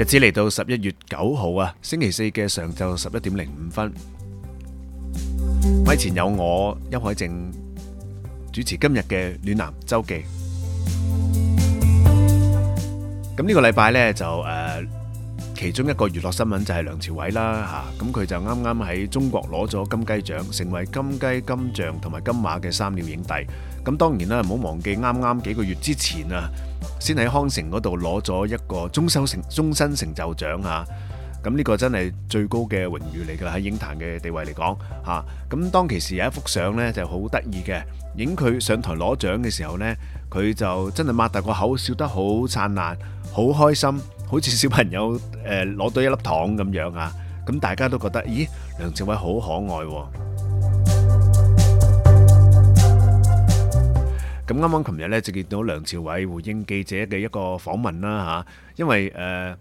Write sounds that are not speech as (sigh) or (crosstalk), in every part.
日子嚟到十一月九號啊，星期四嘅上晝十一點零五分，咪前有我邱海靖主持今日嘅暖男周記。咁呢個禮拜咧就誒，其中一個娛樂新聞就係梁朝偉啦吓，咁佢就啱啱喺中國攞咗金雞獎，成為金雞、金像同埋金馬嘅三料影帝。咁當然啦，唔好忘記啱啱幾個月之前啊。先喺康城嗰度攞咗一個終生成終身成就獎啊，咁呢個真係最高嘅榮譽嚟㗎喺影壇嘅地位嚟講嚇，咁當其時有一幅相呢就好得意嘅，影佢上台攞獎嘅時候呢，佢就真係擘大個口笑得好燦爛，好開心，好似小朋友誒攞到一粒糖咁樣啊，咁大家都覺得咦，梁朝偉好可愛喎。咁啱啱琴日咧，就見到梁朝偉回應記者嘅一個訪問啦嚇，因為誒、呃、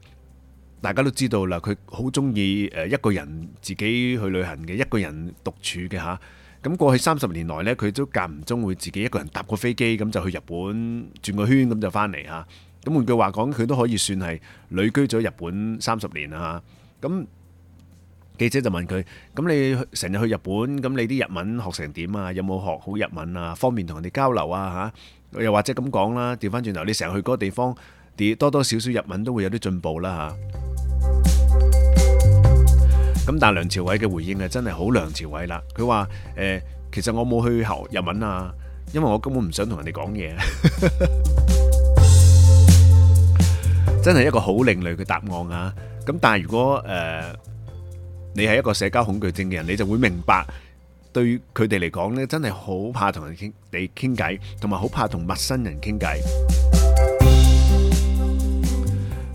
大家都知道啦，佢好中意誒一個人自己去旅行嘅，一個人獨處嘅嚇。咁過去三十年來呢，佢都間唔中會自己一個人搭個飛機咁就去日本轉個圈，咁就返嚟嚇。咁換句話講，佢都可以算係旅居咗日本三十年啦咁、嗯記者就問佢：咁你成日去日本，咁你啲日文學成點啊？有冇學好日文啊？方便同人哋交流啊？嚇，又或者咁講啦，調翻轉頭，你成日去嗰個地方，啲多多少少日文都會有啲進步啦嚇。咁但係梁朝偉嘅回應係真係好梁朝偉啦，佢話：誒，其實我冇去學日文啊，因為我根本唔想同人哋講嘢。真係一個好另類嘅答案啊！咁但係如果誒，你係一個社交恐懼症嘅人，你就會明白對佢哋嚟講呢真係好怕同人傾、你傾偈，同埋好怕同陌生人傾偈。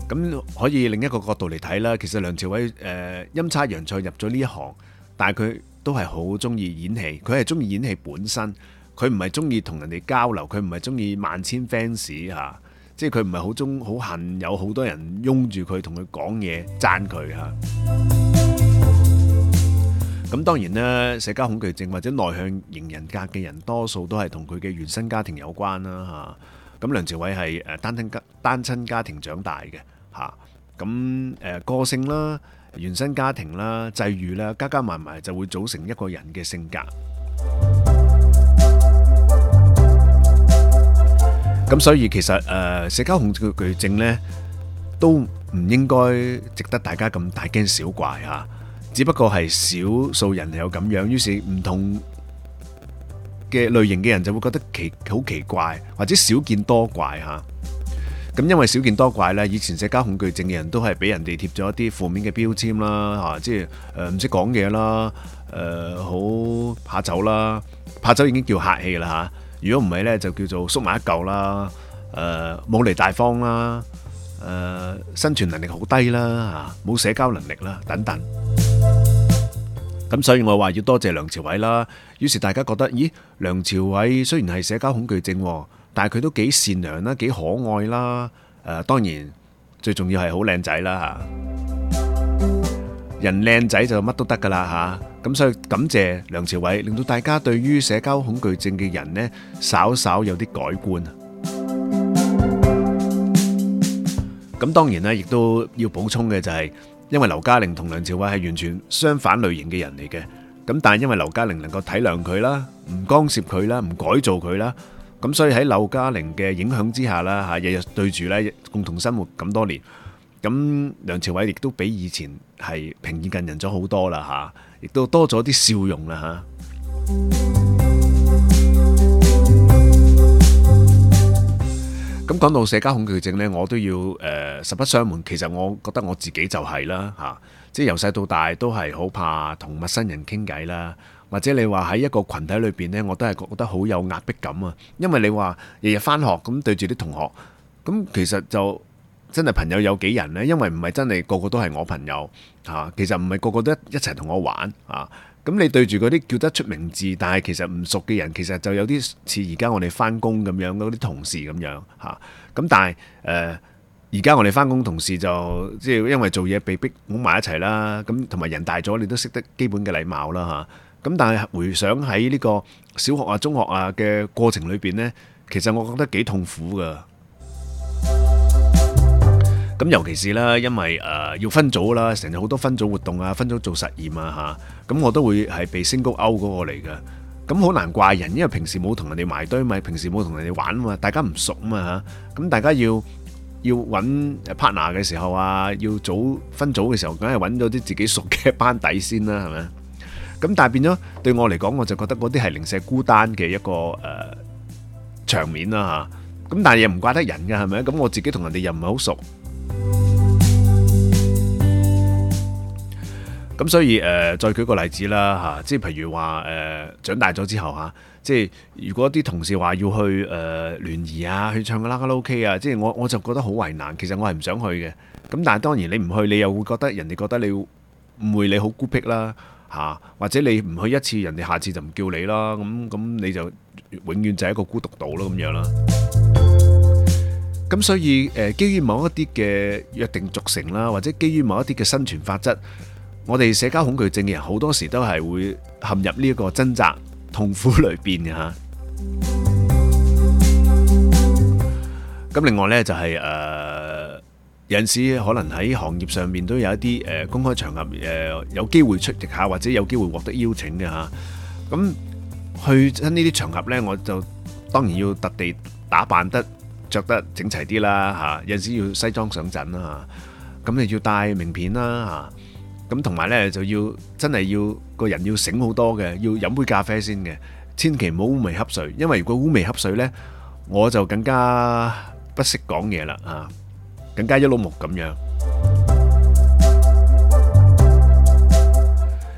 咁 (music) 可以另一個角度嚟睇啦，其實梁朝偉誒呃、陰差陽錯入咗呢一行，但係佢都係好中意演戲，佢係中意演戲本身，佢唔係中意同人哋交流，佢唔係中意萬千 fans 嚇、啊，即係佢唔係好中好恨有好多人擁住佢同佢講嘢讚佢嚇。啊咁當然啦，社交恐懼症或者內向型人格嘅人，多數都係同佢嘅原生家庭有關啦嚇。咁梁朝偉係誒單親家單親家庭長大嘅嚇，咁誒個性啦、原生家庭啦、際遇啦，加加埋埋就會組成一個人嘅性格。咁所以其實誒社交恐懼症呢，都唔應該值得大家咁大驚小怪嚇。只不過係少數人有咁樣，於是唔同嘅類型嘅人就會覺得奇好奇怪，或者少見多怪嚇。咁因為少見多怪咧，以前社交恐懼症嘅人都係俾人哋貼咗一啲負面嘅標籤啦，嚇，即係誒唔識講嘢啦，誒好怕醜啦，怕醜已經叫客氣啦嚇。如果唔係咧，就叫做縮埋一嚿啦，誒冇嚟大方啦，誒生存能力好低啦，嚇冇社交能力啦，等等。咁所以我話要多謝梁朝偉啦，於是大家覺得，咦，梁朝偉雖然係社交恐懼症，但係佢都幾善良啦，幾可愛啦，誒，當然最重要係好靚仔啦吓，人靚仔就乜都得噶啦吓，咁所以感謝梁朝偉，令到大家對於社交恐懼症嘅人呢，稍稍有啲改觀。咁當然啦，亦都要補充嘅就係。因為劉嘉玲同梁朝偉係完全相反類型嘅人嚟嘅，咁但係因為劉嘉玲能夠體諒佢啦，唔干涉佢啦，唔改造佢啦，咁所以喺劉嘉玲嘅影響之下啦，吓日日對住咧，共同生活咁多年，咁梁朝偉亦都比以前係平易近人咗好多啦，吓，亦都多咗啲笑容啦，吓。咁講到社交恐懼症呢，我都要誒、呃、實不相瞞，其實我覺得我自己就係啦吓，即係由細到大都係好怕同陌生人傾偈啦，或者你話喺一個群體裏邊呢，我都係覺得好有壓迫感啊，因為你話日日翻學咁對住啲同學，咁其實就真係朋友有幾人呢？因為唔係真係個個都係我朋友吓、啊，其實唔係個個都一一齊同我玩啊。咁你對住嗰啲叫得出名字，但係其實唔熟嘅人，其實就有啲似而家我哋翻工咁樣嗰啲同事咁樣嚇。咁、啊、但係而家我哋翻工同事就即係因為做嘢被逼拱埋一齊啦。咁同埋人大咗，你都識得基本嘅禮貌啦嚇。咁、啊啊、但係回想喺呢個小學啊、中學啊嘅過程裏面呢，其實我覺得幾痛苦㗎。咁尤其是啦，因為誒要分組啦，成日好多分組活動啊，分組做實驗啊嚇，咁我都會係被 single out 嗰個嚟嘅。咁好難怪人，因為平時冇同人哋埋堆，咪平時冇同人哋玩啊嘛，大家唔熟啊嘛嚇。咁大家要要揾 partner 嘅時候啊，要組分組嘅時候，梗係揾咗啲自己熟嘅班底先啦，係咪啊？咁但係變咗對我嚟講，我就覺得嗰啲係零舍孤單嘅一個誒場面啦嚇。咁但係又唔怪得人嘅係咪啊？咁我自己同人哋又唔係好熟。咁所以誒、呃，再舉個例子啦吓，即、啊、係譬如話誒、呃，長大咗之後吓、啊，即係如果啲同事話要去誒、呃、聯誼啊，去唱卡拉 OK 啊，即係我我就覺得好為難，其實我係唔想去嘅。咁但係當然你唔去，你又會覺得人哋覺得你誤會你好孤僻啦吓、啊，或者你唔去一次，人哋下次就唔叫你啦。咁咁你就永遠就係一個孤獨島咯，咁樣啦。咁所以，誒，基於某一啲嘅約定俗成啦，或者基於某一啲嘅生存法則，我哋社交恐懼症嘅人好多時都係會陷入呢個掙扎痛苦裏邊嘅嚇。咁另外呢，就係有陣時可能喺行業上面都有一啲誒公開場合誒有機會出席下，或者有機會獲得邀請嘅嚇。咁去呢啲場合呢，我就當然要特地打扮得着得整齊啲啦嚇，有陣時要西裝上陣啦嚇，咁你要帶名片啦嚇，咁同埋咧就要真係要個人要醒好多嘅，要飲杯咖啡先嘅，千祈唔好烏眉瞌睡，因為如果烏眉瞌睡咧，我就更加不識講嘢啦啊，更加一碌木咁樣。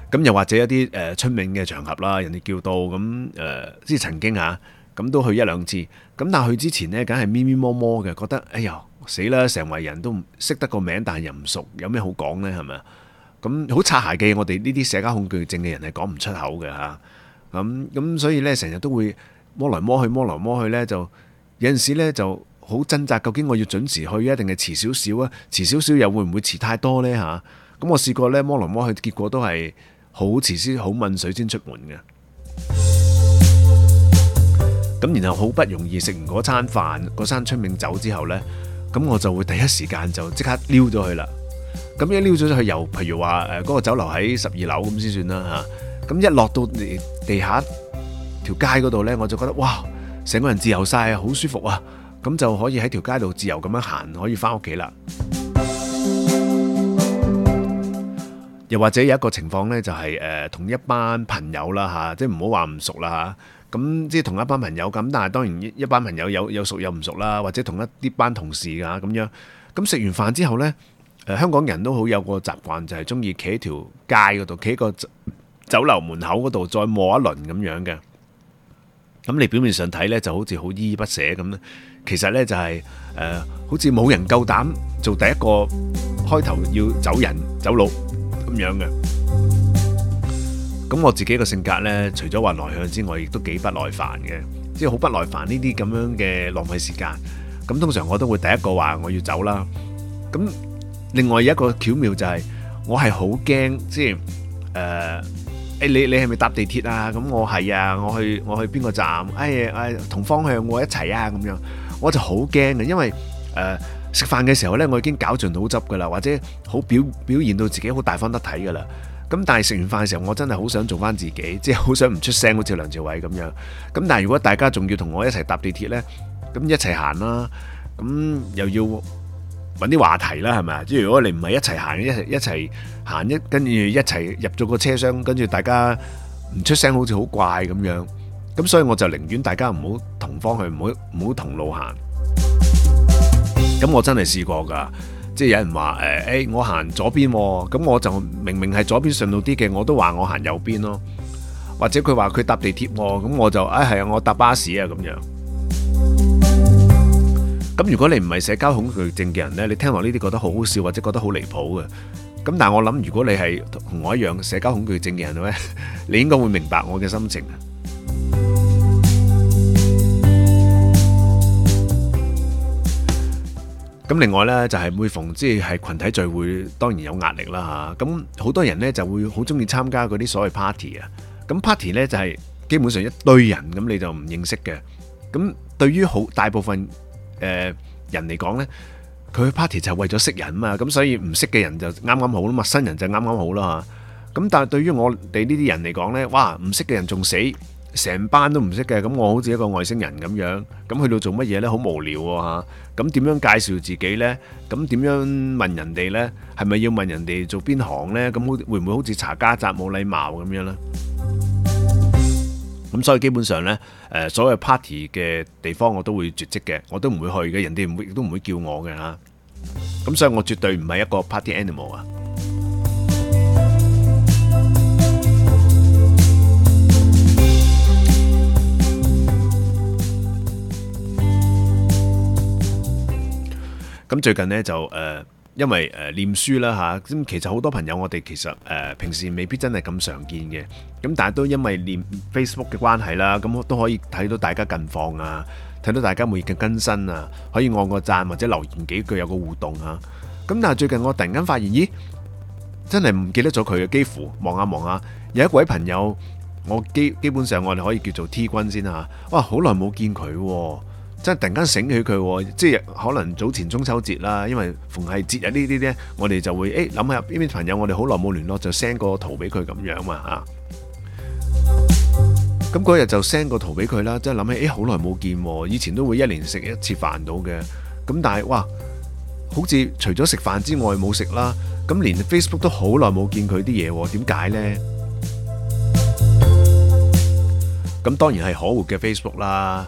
咁又或者一啲誒出名嘅場合啦，人哋叫到咁誒，即係曾經嚇。咁都去一兩次，咁但係去之前呢，梗係咪咪摸摸嘅，覺得，哎呀，死啦！成為人都識得個名，但係又唔熟，有咩好講呢？係咪啊？咁好擦鞋嘅，我哋呢啲社交恐懼症嘅人係講唔出口嘅嚇。咁、啊、咁所以呢，成日都會摸來摸去，摸來摸去呢，就有陣時呢，就好掙扎，究竟我要準時去啊，一定係遲少少啊？遲少少又會唔會遲太多呢？嚇、啊？咁我試過呢，摸來摸去，結果都係好遲先好問水先出門嘅。咁然後好不容易食完嗰餐飯，嗰餐春茗走之後咧，咁我就會第一時間就即刻溜咗去啦。咁一溜咗出去，又譬如話誒嗰個酒樓喺十二樓咁先算啦嚇。咁一落到地地下條街嗰度咧，我就覺得哇，成個人自由曬啊，好舒服啊！咁就可以喺條街度自由咁樣行，可以返屋企啦。又或者有一個情況咧，就係誒同一班朋友啦嚇，即係唔好話唔熟啦嚇。咁即係同一班朋友咁，但係當然一班朋友有有熟有唔熟啦，或者同一啲班同事㗎咁樣。咁食完飯之後呢，呃，香港人都好有個習慣，就係中意企喺條街嗰度，企喺個酒酒樓門口嗰度再望一輪咁樣嘅。咁你表面上睇呢，就好似好依依不捨咁。其實呢，就係、是呃、好似冇人夠膽做第一個開頭要走人走路咁樣嘅。咁我自己個性格呢，除咗話內向之外，亦都幾不耐煩嘅，即係好不耐煩呢啲咁樣嘅浪費時間。咁通常我都會第一個話我要走啦。咁另外有一個巧妙就係我係好驚，即係誒誒你你係咪搭地鐵啊？咁我係啊，我去我去邊個站？哎呀哎，同方向我一齊啊咁樣，我就好驚嘅，因為誒食飯嘅時候呢，我已經搞盡腦汁㗎喇，或者好表表現到自己好大方得體㗎喇。咁但係食完飯嘅時候，我真係好想做返自己，即係好想唔出聲，好似梁朝偉咁樣。咁但係如果大家仲要同我一齊搭地鐵呢，咁一齊行啦，咁又要揾啲話題啦，係咪啊？即係如果你唔係一齊行，一齊一齊行一跟住一齊入咗個車廂，跟住大家唔出聲，好似好怪咁樣。咁所以我就寧願大家唔好同方向，唔好唔好同路行。咁我真係試過噶。即係有人話誒誒，我行左邊喎，咁我就明明係左邊順路啲嘅，我都話我行右邊咯。或者佢話佢搭地鐵喎，咁我就誒係啊，我搭巴士啊咁樣。咁如果你唔係社交恐懼症嘅人呢，你聽落呢啲覺得好好笑，或者覺得好離譜嘅。咁但係我諗，如果你係同我一樣社交恐懼症嘅人呢，你應該會明白我嘅心情啊。咁另外呢就係每逢即係羣體聚會，當然有壓力啦嚇。咁好多人呢就會好中意參加嗰啲所謂 party 啊。咁 party 呢就係基本上一堆人，咁你就唔認識嘅。咁對於好大部分誒人嚟講呢，佢去 party 就係為咗識人嘛。咁所以唔識嘅人就啱啱好啦嘛，陌生人就啱啱好啦嚇。咁但係對於我哋呢啲人嚟講呢，哇唔識嘅人仲死，成班都唔識嘅。咁我好似一個外星人咁樣，咁去到做乜嘢呢？好無聊嚇。咁點樣介紹自己呢？咁點樣問人哋呢？係咪要問人哋做邊行呢？咁會唔會好似查家宅冇禮貌咁樣呢？咁所以基本上呢，誒所有 party 嘅地方我都會絕跡嘅，我都唔會去嘅，人哋亦都唔會叫我嘅啦。咁所以我絕對唔係一個 party animal 啊！咁最近呢，就、呃、因為誒念書啦吓，咁其實好多朋友我哋其實、呃、平時未必真係咁常見嘅，咁但係都因為念 Facebook 嘅關係啦，咁都可以睇到大家近況啊，睇到大家每日嘅更新啊，可以按個讚或者留言幾句有個互動啊，咁但係最近我突然間發現，咦，真係唔記得咗佢嘅幾乎望下望下，有一位朋友，我基基本上我哋可以叫做 T 君先啊，哇，好耐冇見佢喎。即係突然間醒起佢，即係可能早前中秋節啦，因為逢係節日呢啲呢，我哋就會誒諗下邊啲朋友，我哋好耐冇聯絡，就 send 個圖俾佢咁樣嘛吓。咁嗰日就 send 個圖俾佢啦，即係諗起誒好耐冇見，以前都會一年食一次飯到嘅。咁但係哇，好似除咗食飯之外冇食啦，咁連 Facebook 都好耐冇見佢啲嘢，點解呢？咁當然係可惡嘅 Facebook 啦。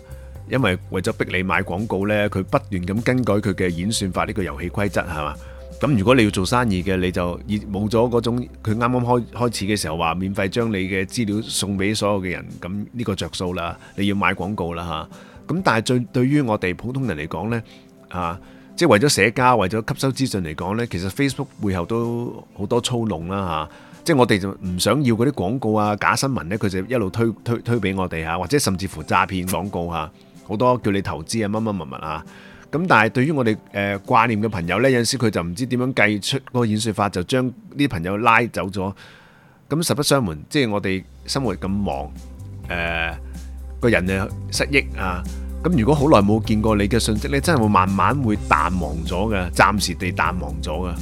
因為為咗逼你買廣告咧，佢不斷咁更改佢嘅演算法，呢個遊戲規則係嘛？咁如果你要做生意嘅，你就冇咗嗰種佢啱啱開開始嘅時候話，免費將你嘅資料送俾所有嘅人，咁呢個著數啦，你要買廣告啦嚇。咁但係最對於我哋普通人嚟講咧，啊，即係為咗社交、為咗吸收資訊嚟講咧，其實 Facebook 背後都好多操弄啦嚇。即係我哋就唔想要嗰啲廣告啊、假新聞咧，佢就一路推推推俾我哋嚇，或者甚至乎詐騙廣告嚇。好多叫你投資啊，乜乜乜物啊，咁但係對於我哋誒、呃、掛念嘅朋友呢，有陣時佢就唔知點樣計出嗰個演算法，就將啲朋友拉走咗。咁實不相瞞，即係我哋生活咁忙，誒、呃、個人誒失憶啊。咁如果好耐冇見過你嘅訊息咧，你真係會慢慢會淡忘咗嘅，暫時地淡忘咗嘅。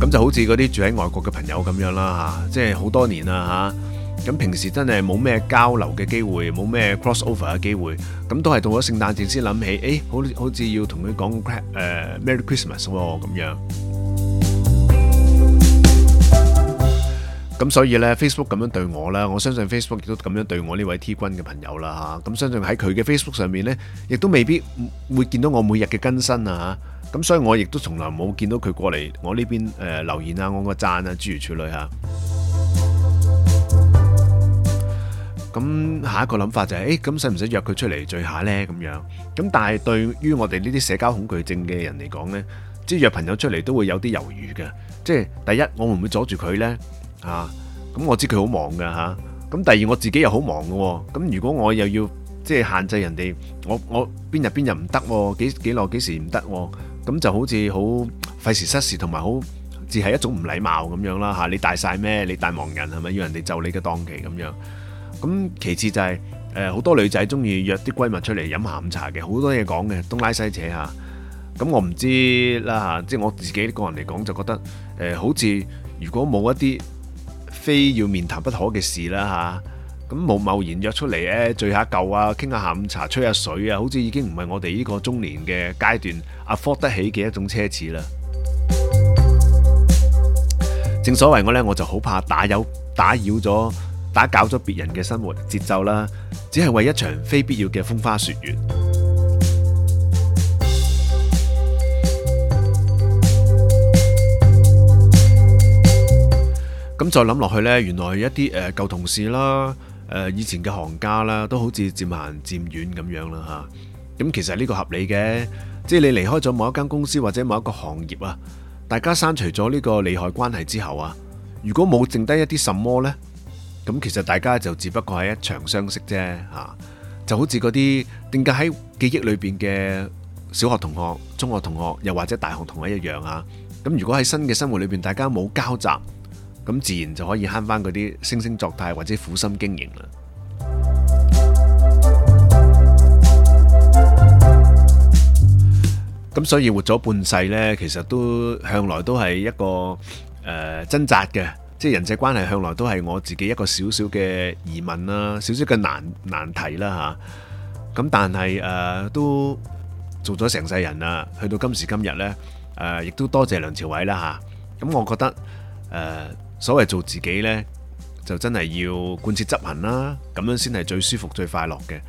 咁 (music) 就好似嗰啲住喺外國嘅朋友咁樣啦嚇、啊，即係好多年啦嚇。啊咁平時真係冇咩交流嘅機會，冇咩 cross over 嘅機會，咁都係到咗聖誕節先諗起，誒好好似要同佢講誒 Merry Christmas 喎咁樣。咁所以呢，Facebook 咁樣對我呢，我相信 Facebook 亦都咁樣對我呢位 T 君嘅朋友啦嚇。咁相信喺佢嘅 Facebook 上面呢，亦都未必會見到我每日嘅更新啊。咁所以我亦都從來冇見到佢過嚟我呢邊誒留言啊，按個讚啊諸如此類嚇。咁下一個諗法就係，誒，咁使唔使約佢出嚟聚下咧？咁樣，咁但係對於我哋呢啲社交恐懼症嘅人嚟講咧，即係約朋友出嚟都會有啲猶豫嘅。即係第一，我會唔會阻住佢咧？啊，咁我知佢好忙噶吓，咁第二我自己又好忙噶，咁如果我又要即係限制人哋，我我邊日邊日唔得，幾幾耐、幾時唔得，咁就好似好費事失事，同埋好似係一種唔禮貌咁樣啦吓。你大晒咩？你大忙人係咪要人哋就你嘅檔期咁樣？咁其次就係誒，好多女仔中意約啲閨蜜出嚟飲下午茶嘅，好多嘢講嘅，東拉西扯嚇。咁我唔知啦嚇，即係我自己個人嚟講就覺得誒，好似如果冇一啲非要面談不可嘅事啦嚇，咁冇貿然約出嚟咧聚下舊啊，傾下下午茶吹下水啊，好似已經唔係我哋呢個中年嘅階段，afford 得起嘅一種奢侈啦。正所謂我呢，我就好怕打擾打擾咗。打攪咗別人嘅生活節奏啦，只係為一場非必要嘅風花雪月。咁再諗落去呢，原來一啲誒舊同事啦，誒、呃、以前嘅行家啦，都好似漸行漸遠咁樣啦吓。咁、啊、其實呢個合理嘅，即係你離開咗某一間公司或者某一個行業啊，大家刪除咗呢個利害關係之後啊，如果冇剩低一啲什麼呢？咁其實大家就只不過係一場相識啫。嚇就好似嗰啲定格喺記憶裏邊嘅小學同學、中學同學，又或者大學同學一樣啊。咁如果喺新嘅生活裏邊，大家冇交集，咁自然就可以慳翻嗰啲惺惺作態或者苦心經營啦。咁所以活咗半世呢，其實都向來都係一個誒掙扎嘅。即係人際關係向來都係我自己一個少少嘅疑問啦，少少嘅難難題啦嚇。咁但係誒都做咗成世人啦，去到今時今日咧誒，亦都多謝梁朝偉啦嚇。咁我覺得誒所謂做自己咧，就真係要貫徹執行啦，咁樣先係最舒服最快樂嘅。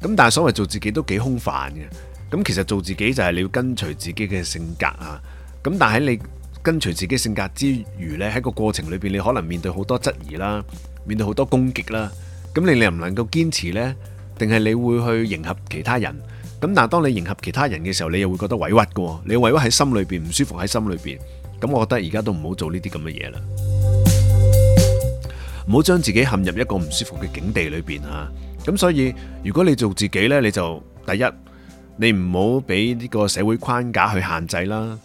咁但係所謂做自己都幾空泛嘅。咁其實做自己就係你要跟隨自己嘅性格啊。咁但係你，跟隨自己性格之餘咧，喺個過程裏邊，你可能面對好多質疑啦，面對好多攻擊啦。咁你你唔能夠堅持呢，定係你會去迎合其他人？咁但係當你迎合其他人嘅時候，你又會覺得委屈嘅。你委屈喺心裏邊，唔舒服喺心裏邊。咁我覺得而家都唔好做呢啲咁嘅嘢啦，唔好將自己陷入一個唔舒服嘅境地裏邊吓。咁所以如果你做自己呢，你就第一，你唔好俾呢個社會框架去限制啦。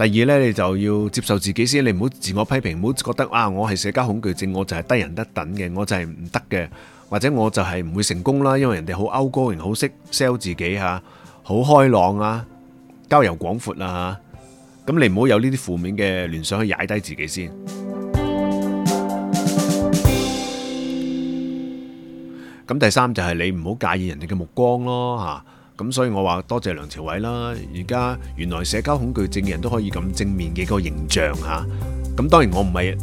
第二呢，你就要接受自己先，你唔好自我批評，唔好覺得啊，我係社交恐懼症，我就係低人一等嘅，我就係唔得嘅，或者我就係唔會成功啦，因為人哋好 outgoing，好識 sell 自己吓，好開朗啊，交遊廣闊啊，咁你唔好有呢啲負面嘅聯想去踩低自己先。咁 (music) 第三就係你唔好介意人哋嘅目光咯吓。啊咁所以，我話多謝梁朝偉啦。而家原來社交恐懼症嘅人都可以咁正面嘅個形象嚇。咁當然，我唔係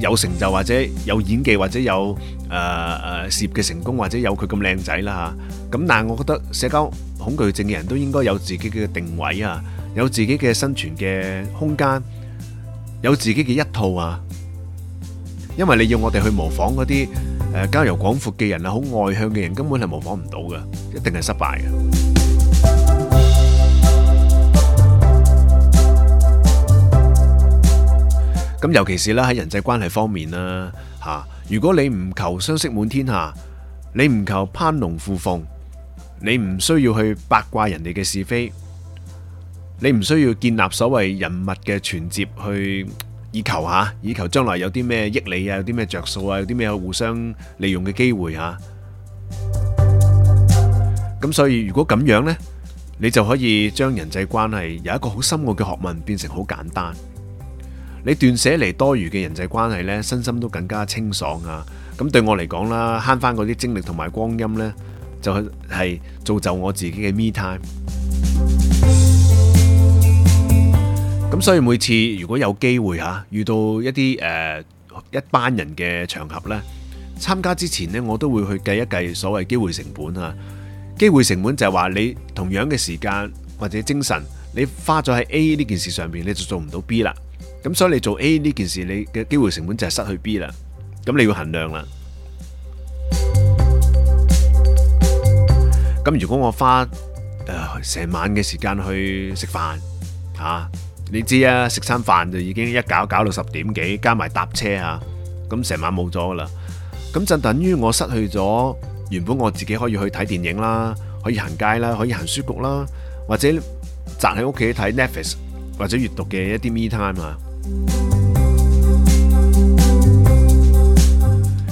有成就或者有演技或者有誒誒事業嘅成功，或者有佢咁靚仔啦嚇。咁但係，我覺得社交恐懼症嘅人都應該有自己嘅定位啊，有自己嘅生存嘅空間，有自己嘅一套啊。因為你要我哋去模仿嗰啲誒交友廣闊嘅人啊，好外向嘅人，根本係模仿唔到嘅，一定係失敗嘅。咁尤其是啦，喺人際關係方面啦，吓，如果你唔求相識滿天下，你唔求攀龍附鳳，你唔需要去八卦人哋嘅是非，你唔需要建立所謂人物嘅存摺去以求吓，以求將來有啲咩益你啊，有啲咩着數啊，有啲咩互相利用嘅機會吓。咁所以如果咁樣咧，你就可以將人際關係由一個好深奧嘅學問變成好簡單。你斷捨離多餘嘅人際關係呢，身心都更加清爽啊！咁對我嚟講啦，慳翻嗰啲精力同埋光陰呢，就係造就我自己嘅 me time。咁 (music) 所以每次如果有機會吓，遇到一啲誒、uh, 一班人嘅場合呢，參加之前呢，我都會去計一計所謂機會成本啊。機會成本就係話你同樣嘅時間或者精神，你花咗喺 A 呢件事上邊，你就做唔到 B 啦。咁所以你做 A 呢件事，你嘅機會成本就係失去 B 啦。咁你要衡量啦。咁如果我花呃、成晚嘅時間去食飯嚇，你知啊，食餐飯就已經一搞搞到十點幾，加埋搭車嚇，咁、啊、成晚冇咗噶啦。咁就等於我失去咗原本我自己可以去睇電影啦，可以行街啦，可以行書局啦，或者宅喺屋企睇 Netflix 或者閲讀嘅一啲 me time 嚇。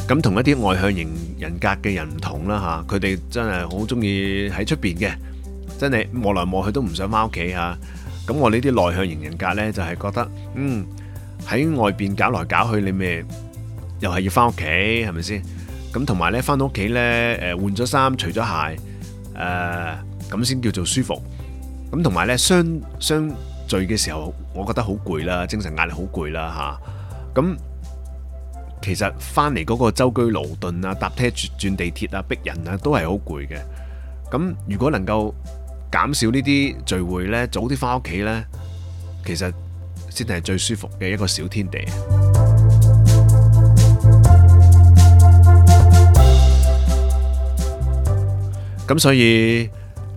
咁同一啲外向型人格嘅人唔同啦吓，佢哋真係好中意喺出邊嘅，真係望來望去都唔想翻屋企吓。咁我呢啲內向型人格呢，就係覺得嗯喺外邊搞來搞去你，你咪又係要翻屋企，係咪先？咁同埋呢，翻到屋企呢，誒，換咗衫，除咗鞋，誒、呃，咁先叫做舒服。咁同埋呢，相相。聚嘅時候，我覺得好攰啦，精神壓力好攰啦吓。咁其實翻嚟嗰個舟車勞頓啊，搭車轉地鐵啊，逼人啊，都係好攰嘅。咁如果能夠減少呢啲聚會呢，早啲翻屋企呢，其實先係最舒服嘅一個小天地。咁所以。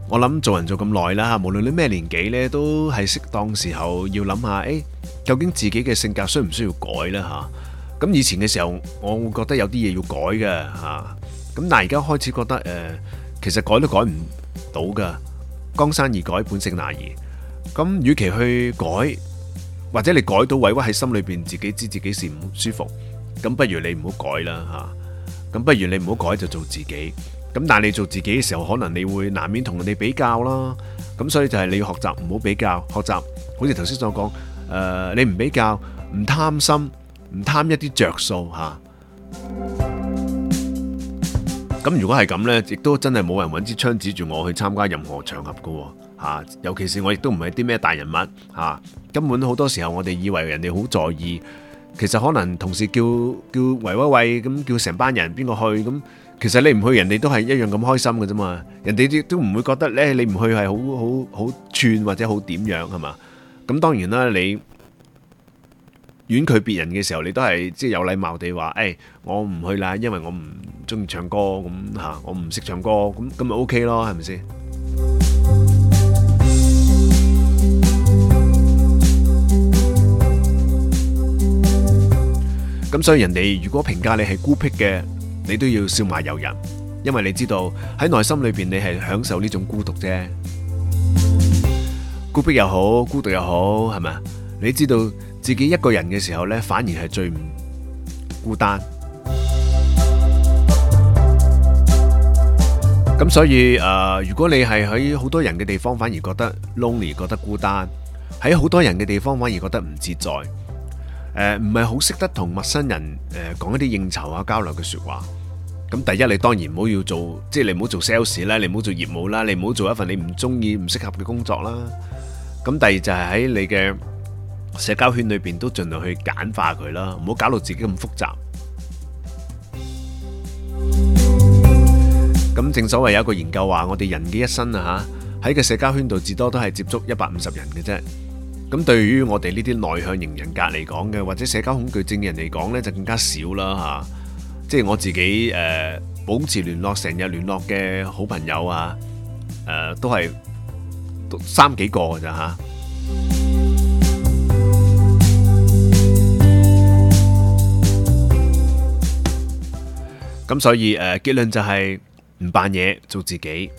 我諗做人做咁耐啦，無論你咩年紀呢，都係適當時候要諗下，誒，究竟自己嘅性格需唔需要改呢？吓，咁以前嘅時候我會覺得有啲嘢要改嘅，吓，咁但係而家開始覺得，誒，其實改都改唔到噶，江山易改，本性難移。咁與其去改，或者你改到委屈喺心裏邊，自己知自己是唔舒服，咁不如你唔好改啦，吓，咁不如你唔好改就做自己。咁但係你做自己嘅時候，可能你會難免同人哋比較啦。咁所以就係你要學習唔好比較，學習好似頭先所講，誒，你唔比較，唔貪心，唔貪一啲着數吓。咁如果係咁呢，亦都真係冇人揾支槍指住我去參加任何場合噶。吓，尤其是我亦都唔係啲咩大人物吓，根本好多時候我哋以為人哋好在意，其實可能同事叫叫喂喂喂咁，叫成班人邊個去咁。其實你唔去，人哋都係一樣咁開心嘅啫嘛，人哋啲都唔會覺得咧，你唔去係好好好串或者好點樣，係嘛？咁當然啦，你婉拒別人嘅時候，你都係即係有禮貌地話，誒，我唔去啦，因為我唔中意唱歌，咁吓，我唔識唱歌，咁咁咪 OK 咯，係咪先？咁所以人哋如果評價你係孤僻嘅。你都要笑埋有人，因為你知道喺內心裏邊你係享受呢種孤獨啫，孤僻又好，孤獨又好，係咪你知道自己一個人嘅時候呢，反而係最唔孤單。咁所以誒、呃，如果你係喺好多人嘅地方，反而覺得 lonely，覺得孤單；喺好多人嘅地方，反而覺得唔自在。唔係好識得同陌生人誒、呃、講一啲應酬啊、交流嘅說話。咁第一，你當然唔好要做，即係你唔好做 sales 啦，你唔好做業務啦，你唔好做一份你唔中意、唔適合嘅工作啦。咁第二就係喺你嘅社交圈裏邊都盡量去簡化佢啦，唔好搞到自己咁複雜。咁 (music) 正所謂有一個研究話，我哋人嘅一生啊嚇，喺個社交圈度至多都係接觸一百五十人嘅啫。咁對於我哋呢啲內向型人格嚟講嘅，或者社交恐懼症嘅人嚟講呢，就更加少啦嚇。即係我自己誒，保持聯絡，成日聯絡嘅好朋友啊，誒，都係三幾個咋吓。咁所以誒結論就係唔扮嘢，做自己。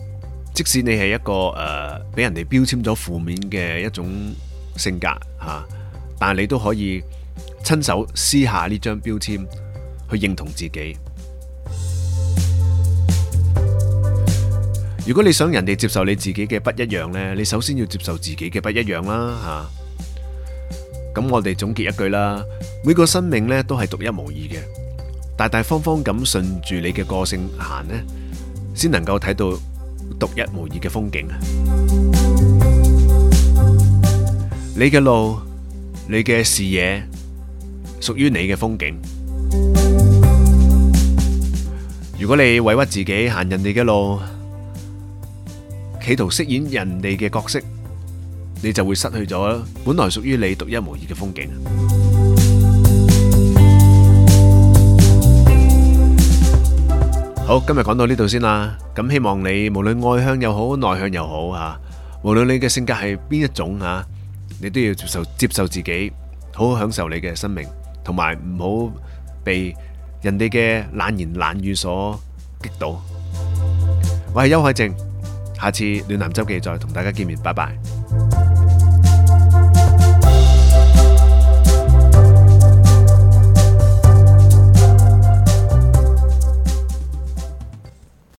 即使你係一個誒俾人哋標籤咗負面嘅一種性格吓，但係你都可以親手撕下呢張標籤。去認同自己。如果你想人哋接受你自己嘅不一樣呢，你首先要接受自己嘅不一樣啦嚇。咁我哋總結一句啦，每個生命呢都係獨一無二嘅。大大方方咁順住你嘅個性行呢，先能夠睇到獨一無二嘅風景啊！你嘅路，你嘅視野，屬於你嘅風景。如果你委屈自己，行人哋嘅路，企圖飾演人哋嘅角色，你就會失去咗本來屬於你獨一無二嘅風景。好，今日講到呢度先啦。咁希望你無論外向又好，內向又好吓，無論你嘅性格係邊一種吓，你都要接受接受自己，好好享受你嘅生命，同埋唔好被。人哋嘅冷言冷語所激到，我係邱海靖，下次暖男周記再同大家見面，拜拜。